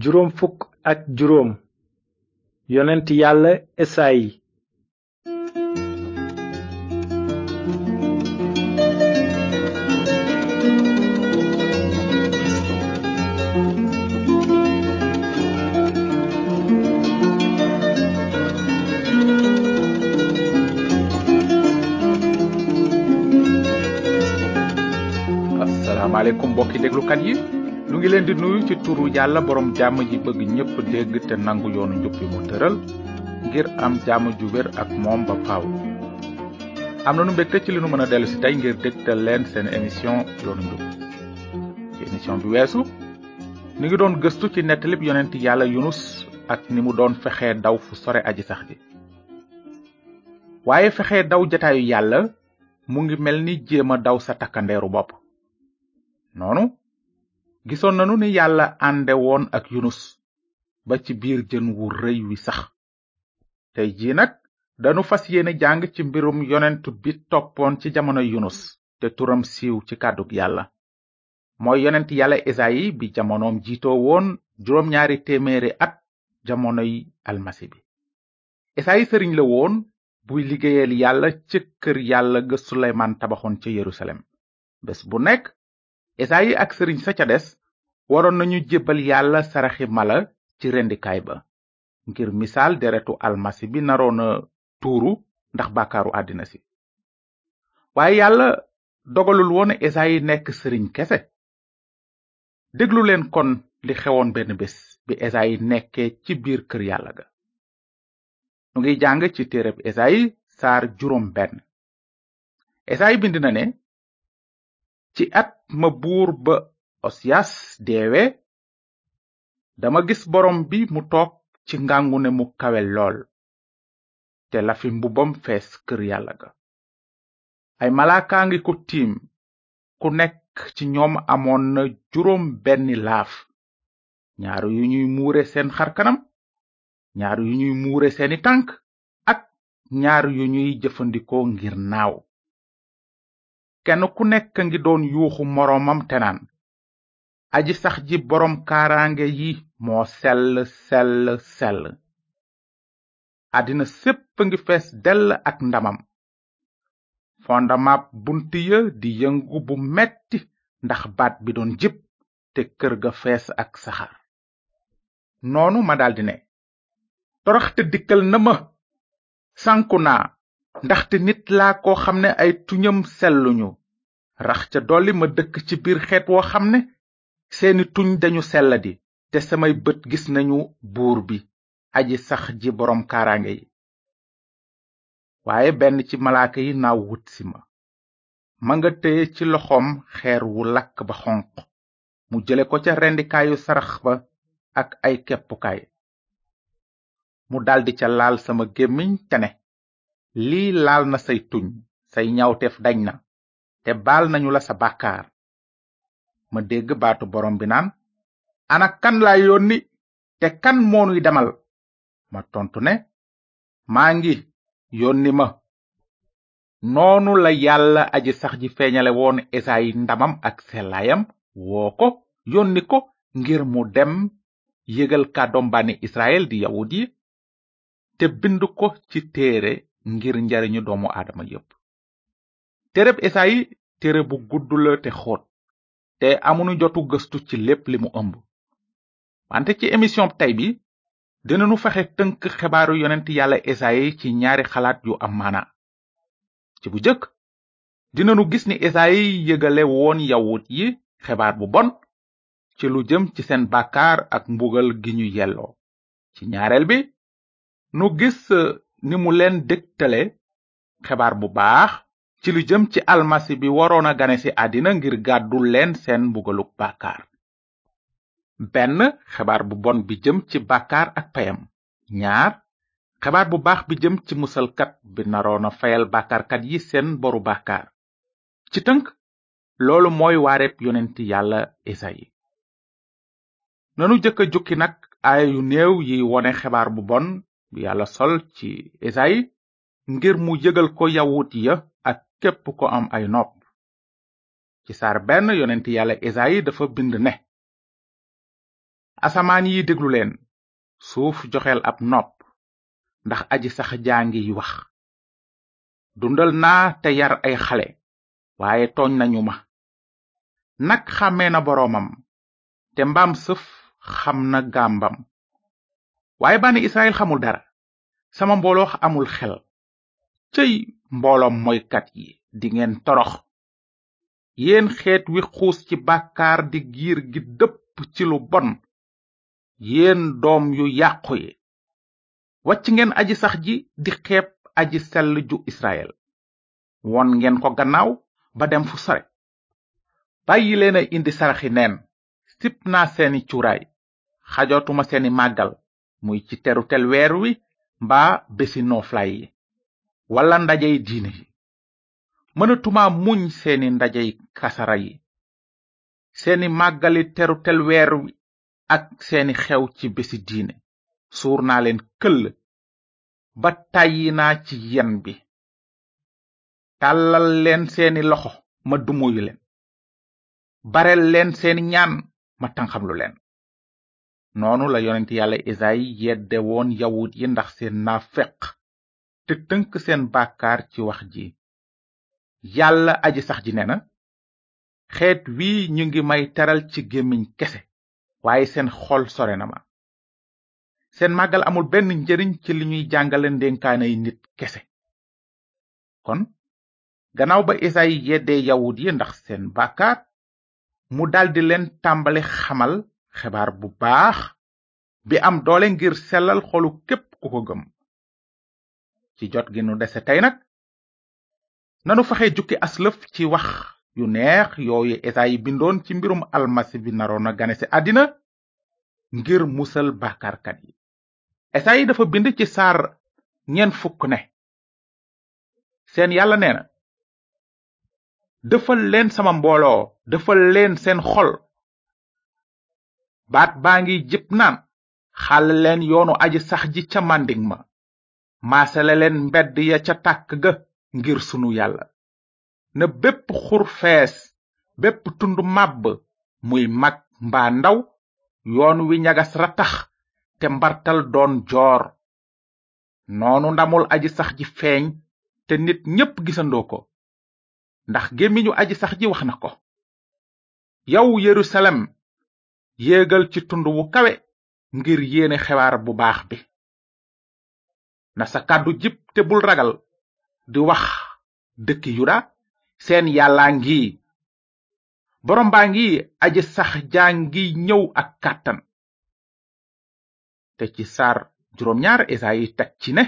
juróom fukk ak juróom yonent yàlla esayi asalaamaaleykum mbokki déglukat yi nu ngi leen di nuyu ci turu yàlla borom jàmm ji bëgg ñépp dégg te nangu yoonu njub bi mu tëral ngir am jàmm ju wér ak moom ba faaw. am na nu mbégte ci li nu mën a dellu si tey ngir dégtal leen seen émission yoonu njub ci émission bi weesu nu ngi doon gëstu ci nettalib yonent yàlla yunus ak ni mu doon fexee daw fu sore aji sax ji waaye fexee daw jataayu yàlla mu ngi mel ni jéem a daw sa takkandeeru bopp noonu gisoon nanu ni yàlla ànde woon ak yunus ba ci biir jën wu rëy wi sax tey jii nag danu fas yéene jàng ci mbirum yonent bi toppoon ci jamono yunus te turam siiw ci kàddug yàlla mooy yonent yàlla esayi bi jamonoom jiitoo woon juróom ñaari téeméeri at jamonoy almasi bi esayi sëriñ la woon buy liggéeyal yàlla ci kër yàlla ga suleymaan tabaxoon ca yerusalem bés bu nekk esaayi ak sëriñ sa ca des waroon nañu jébbal yàlla saraxi mala ci rendikaay ba ngir misaal deretu almasi bi naroon a tuuru ndax bàkkaaru àddina si waaye yàlla dogalul woon esaayi nekk sëriñ kese déglu leen kon li xewoon benn bés bi esaayi nekkee ci biir kër yàlla ga nu ngi jàng ci téereb esaayi saar juróom benn esaayi bind na ne ci at ma buur ba osiyas deewe dama gis borom bi mu toog ci ngàngune mu kawe lool te lafi mbubbam fees kër yàlla ga ay malaakaa ngi ko tiim ku nekk ci ñoom amoon na juróom benni laaf ñaar yu ñuy muure seen xarkanam ñaar yu ñuy muure seeni tànk ak ñaar yu ñuy jëfandikoo ngir naaw kenn ku nekk ngi doon yuuxu moroomam te naan aji sax ji boroom kaaraange yi moo sel sell sel àddina sépp ngi fees dell ak ndamam fondamaab bunt ya di yëngu bu metti ndax baat bi doon jib te kër ga fees ak saxaar noonu ma daldi ne toroxte dikkal na ma sanku naa ndaxte nit laa koo xam ne ay tuñam selluñu rax ca dolli ma dëkk ci biir xeet woo xam ne seeni tuñ dañu selladi te samay bët gis nañu buur bi aji sax ji boroom kaaraange yi waaye benn ci malaaka yi naaw wut si ma ma nga téye ci loxoom xeer wu lakk ba xonq mu jële ko ca rendikaayu sarax ba ak ay keppukaay mu daldi ca laal sama gémmiñ te ne lii laal na say tuñ say ñawteef dañ na te baal nañu la sa bàkkaar ma dégg baatu borom bi naan ana kan laa yónni te kan moonuy demal ma tontu ne maa ngi yónni ma noonu la yàlla aji sax ji feeñale woon esayi ndamam ak sellaayam woo ko yónni ko ngir mu dem yégal kàddoom bànni israel di yawut te bind ko ci téere ngir njariñu doomu aadama yépp téereb esaayi téere bu gudd la te xóot te amunu jotu gëstu ci lépp li mu ëmb wante ci émission tey bi dinanu faxe tënk xibaaru yonent yàlla esaayi ci ñaari xalaat yu am maana ci bu jëkk dinanu gis ni esaayi yëgale woon yawut yi xibaar bu bon ci lu jëm ci seen bàkkaar ak mbugal gi ñu yelloo ci ñaareel bi nu gis ni mu leen dëgtale xebaar bu baax ci lu jëm ci almasi bi waroona gane ci àddina ngir gàddu leen seen mbugaluk bàkkaar benn xebaar bu bon bi jëm ci bàkkaar ak payam ñaar xebaar bu baax bi jëm ci musalkat bi naroona a fayal bàkkaarkat yi seen boru bàkkaar ci tënk loolu mooy waareb yonenti yàlla esayi nanu jëkk jukki nag aaya yu yi wone xebaar bu bon bi yàlla sol ci esayi ngir mu yëgal ko yawut ya a képp ko am ay nopp ci sar benn yonent yàlla esayi dafa bind ne asamaan yi déglu leen suuf joxeel ab nopp ndax aji sax jaa ngiy wax dundal naa te yar ay xale waaye tooñ nañu ma nag xàmmee na boroomam te mbaam sëf xam na gàmbam waaye bànni israel xamul dara sama mbooloo amul xel cëy mbooloom moykat yi di dingeen torox yéen xeet wi xuus ci bàkkaar di giir gi dëpp ci lu bon yéen doom yu yàqu yi wàcc ngeen aji sax ji di xeeb aji sell ju israel won ngeen ko gannaaw ba dem fu sore bàyyi leen a indi saraxi neen sip naa seeni cuuraay xajootuma seeni màggal muy ci terutel weer wi mbaa bési nooflaay yi wala ndajey diine yi mënatuma muñ seeni ndajey kasara yi seeni màggali terutel weer wi ak seeni xew ci bési diine suur naa leen këll ba tàyyi naa ci yen bi tàllal leen seeni loxo ma dumuyu leen bareel leen seeni ñaan ma tanxamlu leen noonu la yonent yàlla esayi yedde woon yawut yi ndax seen naafeq te tënk seen bàkkaar ci wax ji yàlla aji sax ji ne na xeet wii ñu ngi may teral ci gémmiñ kese waaye seen xol sore na ma seen màggal amul benn njariñ ci li ñuy jàngale ndénkaanay nit kese kon gannaaw ba esayi yeddee yawut yi ndax seen bàkkaar mu daldi leen tàmbali xamal xebaar bu baax bi am doole ngir sellal xolu képp ku ko gëm ci jot gi nu dese tey nag nanu fexe jukki aslëf ci wax yu neex yooyu esaayi bindoon ci mbirum almasi bi naroon a gane si àddina ngir musal bàkkaarkat yi esaayi dafa bind ci saar ñeent fukk ne seen yàlla nee na defal leen sama mbooloo dëfal leen seen xol baat baa ngi jëpp naan xàll leen yoonu aj sax ji ca màndiŋ ma maasale leen mbedd ya ca tàkk ga ngir sunu yàlla na bépp xur fees bépp tund màbb muy mag mbaa ndaw yoon wi ñagas ratax te mbartal doon joor noonu ndamul aji sax ji feeñ te nit ñépp gisandoo ko ndax gémmiñu aj sax ji wax na ko yow yerusalem yéegal ci tund wu kawe ngir yéene xewaar bu baax bi na sa kàddu jib te bul ragal di wax dëkki yuda seen yàllaa ngi borom baa ngi aji sax jaa ngi ñëw ak kàttan te ci saar juróom ñaar esayi teg ci ne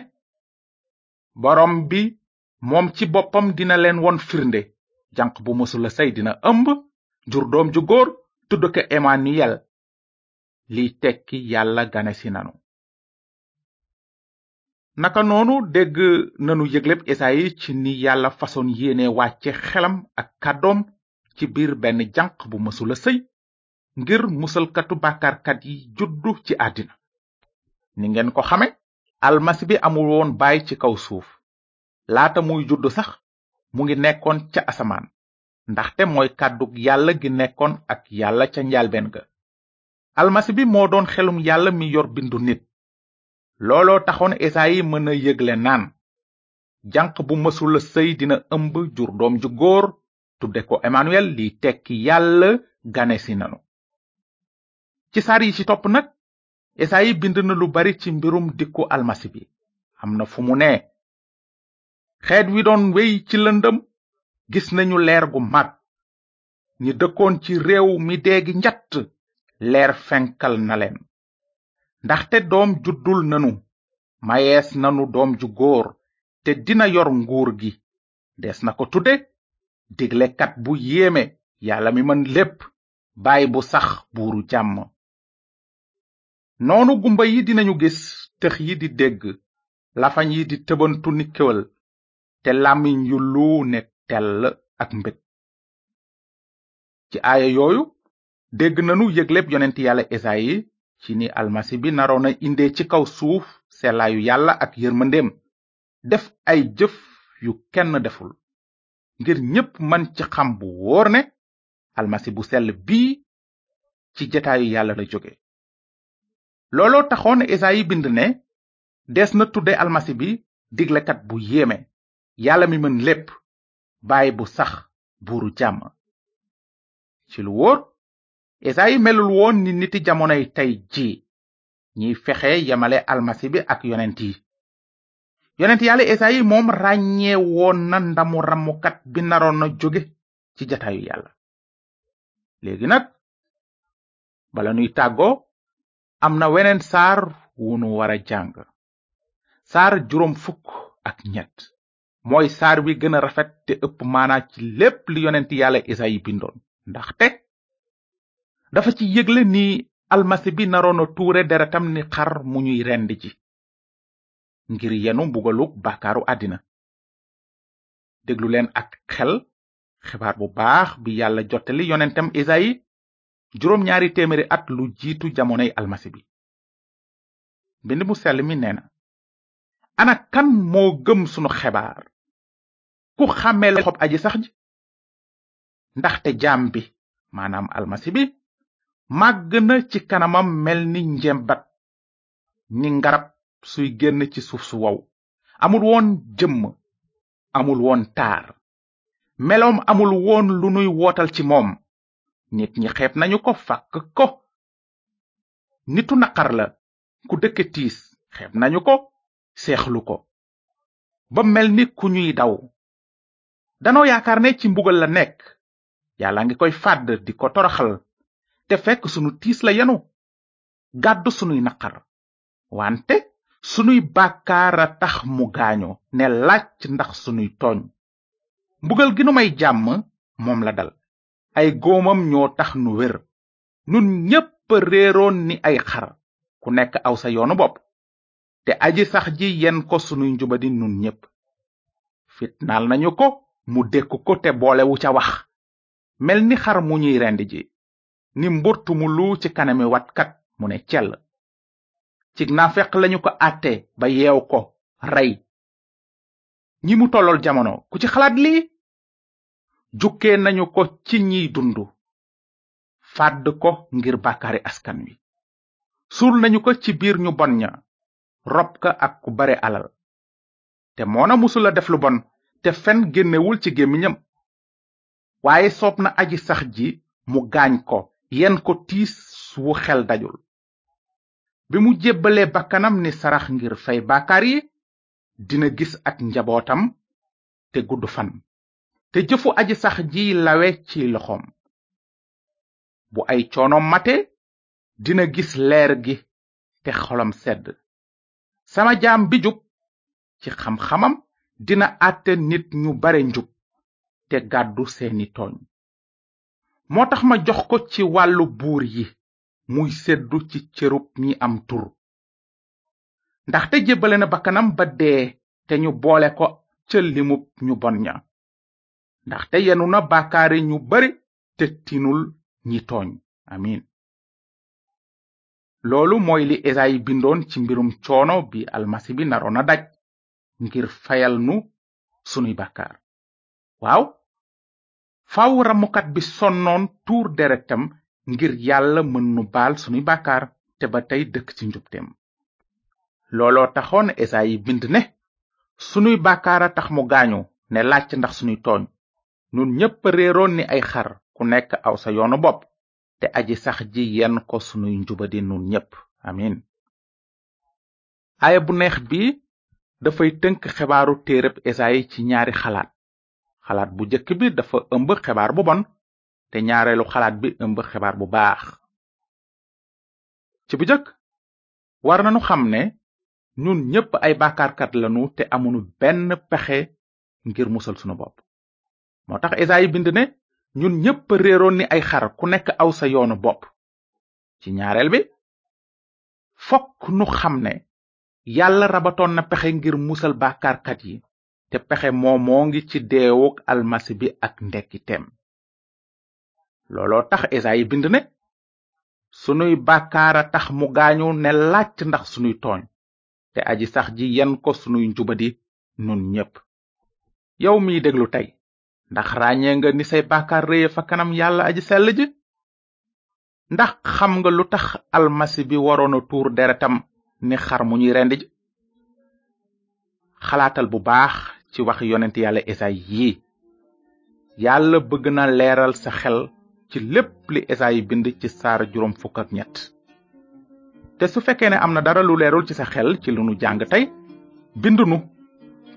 borom bi moom ci boppam dina leen won firnde janq bu mësula say dina ëmb jur ju góor tudd ko Emmanuel liy tekki yàlla ganesi nanu naka noonu dégg nanu yëgleb esayi ci ni yàlla façon yéene wàcce xelam ak kàddoom ci biir benn janq bu mësula sëy ngir musalkatu bàkkaarkat yi juddu ci àddina ni ngeen ko xame almasi bi amul woon baay ci kaw suuf laata muy juddu sax mu ngi nekkoon ca asamaan ndaxte mooy kàddug yàlla gi nekkoon ak yàlla ca njalbeen ga almasi bi moo doon xelum yàlla mi yor bindu nit looloo taxoon esaayi mën a yëgle naan janq bu mësula sëy dina ëmb jur doom ju góor tude ko emmanuel li tekki yàlla ganesi nanu ci saar yi ci topp nag esaayi bind na lu bari ci mbirum dikku almasi bi am na fu mu ne xeet wi doon wey ci lëndëm gis nañu leer gu mag ñi dëkkoon ci réew mi deegi njatt leer fenkal na leen ndaxte doom juddul nanu mayees nanu doom ju góor te dina yor nguur gi des na ko tudde diglekat bu yéeme yàlla mi mën lépp bay bu sax buuru jàmm noonu gumba yi dinañu gis tëx yi di dégg lafañ yi di tëbantu ni kéwal te làmmiñ yu luu ne dell ak mbég ci aaya yooyu dégg nanu yëgleb yonent yàlla esayi ci ni almasi bi naroon a indee ci kaw suuf selaayu yàlla ak yërmandeem def ay jëf yu kenn deful ngir ñépp man ci xam bu wóor ne almasi bu sell bii ci jataayu yàlla la jóge looloo taxoon esayi bind ne des na tudde almasi bi diglekat bu yéeme yàlla mi mën lépp baay bu sax buuru jàmm ci lu wóor esaayi melul woon ni niti jamonoy tey ji ñiy fexe yamale almasi bi ak yonent yi yonent yàlla esaayi moom ràññee woon na ndamu ramukat bi naroon na jóge ci jataayu yàlla léegi nag bala nuy tàggoo am na weneen saar wu nu wara jàng saar juróom fukk ak ñett mooy saar wi gën a rafet te ëpp maanaa ci lépp li yonent yàlla Esayi bindoon ndaxte dafa ci yëgle ni almasi bi naroon a tuure deretam ni xar mu ñuy rend ci ngir yenu mbugaluk bàkkaaru àddina déglu leen ak xel xibaar bu baax bi yàlla jottali yonentam Esayi juróom ñaari téeméeri at lu jiitu jamonoy almasi bi mbind mu sell mi nee na ana kan moo gëm sunu xebaar ku xàmmee xob aji sax ji ndaxte jaam bi maanaam almasi bi màgg na ci kanamam mel ni njembat ni ngarab suy génn ci suuf su waw amul woon jëmm amul woon taar meloom amul woon lu nuy wootal ci moom nit ñi xeeb nañu ko fàkk ko nitu naqar la ku dëkke tiis xeeb nañu ko seexlu ko ba mel ni ku ñuy daw danoo yaakaar ne ci mbugal la nekk yàlla ngi koy fàdd di ko toroxal te fekk sunu tiis la yenu gàddu sunuy naqar wante sunuy bàkkaar a tax mu gaañu ne làcc ndax sunuy tooñ mbugal gi nu may jàmm moom la dal ay góomam ñoo tax nu wér nun ñépp réeroon ni ay xar ku nekk aw sa yoonu bopp te aji sax ji yen ko sunuy njubadi nun ñépp fitnaal nañu ko mu dékku ko te boolewu ca wax mel ni xar mu ñuy rend ji ni mburtu mu ci kanami watkat mu ne cell cig nafeq lañu ko àtte ba yeew ko rey ñi mu tollool jamono ku ci xalaat lii jukkee nañu ko ci ñiy dund fàdd ko ngir bàkkaari askan wi suur nañu ko ci biir ñu bon ña rob ka ak ku bare alal te moona musula def lu bon te fen génnewul ci gémmiñam waaye soob na aji sax ji mu gaañ ko yen ko tiis wu xel dajul bi mu jébbalee bakkanam ni sarax ngir fay baakaar yi dina gis ak njabootam te gudd fan te jëfu aji sax ji lawe ci loxoom bu ay coonom mate dina gis leer gi te xolam sedd sama jaam bi jub ci xam-xamam dina àtte nit ñu bare njub te gàddu seeni tooñ moo tax ma jox ko ci wàllu buur yi muy seddu ci cërub ñi am tur ndaxte jébbale na bakkanam ba dee te ñu boole ko ca limub ñu bon ña ndaxte yenu na bàkkaari ñu bari te tinul ñi tooñ amin loolu mooy li esayi bindoon ci mbirum coono bi almasi bi naroon a daj ngir fayal nu sunuy bàkkaar waaw faaw ramukat bi sonnoon tuur deretam ngir yàlla mën nu baal sunuy bàkkaar te ba tey dëkk ci njubteem looloo taxoon esayi bind ne sunuy bàkkaar tax mu gaañu ne laaj ndax sunuy tooñ nun ñépp réeroon ni ay xar ku nekk aw sa yoonu bopp te aji sax ji yenn ko sunuy njubadi nun ñépp amin aaya bu neex bi dafay tënk xebaaru téereb esayi ci ñaari xalaat xalaat bu jëkk bi dafa ëmb xebaar bu bon te ñaareelu xalaat bi ëmb xebaar bu baax ci bu njëkk war nu xam ne ñun ñépp ay bàkkaarkat lanu te amunu benn pexe ngir musal sunu bopp moo tax esayi bind ne ñun ñépp réeroon ni ay xar ku nekk aw sa yoonu bopp ci ñaareel bi fokk nu xam ne yàlla rabatoon na pexe ngir musal bàkkaarkat yi te pexe moomoo ngi ci deewuk almasi bi ak ndekkiteem looloo tax esayi bind ne sunuy bàkkaara tax mu gaañu ne làcc ndax sunuy tooñ te aji sax ji yen ko sunuy njubadi nun ñépp yow miy déglu tey ndax ràññee nga ni say bàkkaar réye fa kanam yàlla aji sell ji ndax xam nga lu tax almasi bi waroon a tuur deretam ni xar mu ñuy rend xalaatal bu baax ci wax yonent yàlla esaay yii yàlla bëgg na leeral sa xel ci lépp li esaay bind ci saar juróom fukk ak ñett te su fekkee ne am na dara lu leerul ci sa xel ci lu nu jàng tey bind nu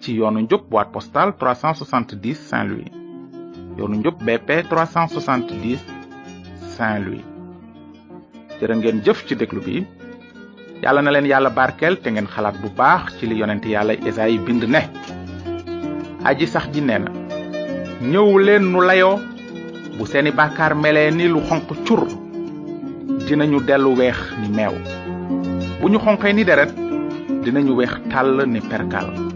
ci yoonu njub boîte postale 370 Saint-Louis yoonu njub BP 370 Saint-Louis ngeen jëf ci déglu bi yàlla na leen yàlla barkeel te ngeen xalaat bu baax ci li yonent yàlla Esayi bind ne aji sax ji nee na ñëw leen nu layoo bu seeni bàkkaar melee ni lu xonq cur ñu dellu weex ni meew bu ñu xonqee ni deret dinañu weex tàll ni perkal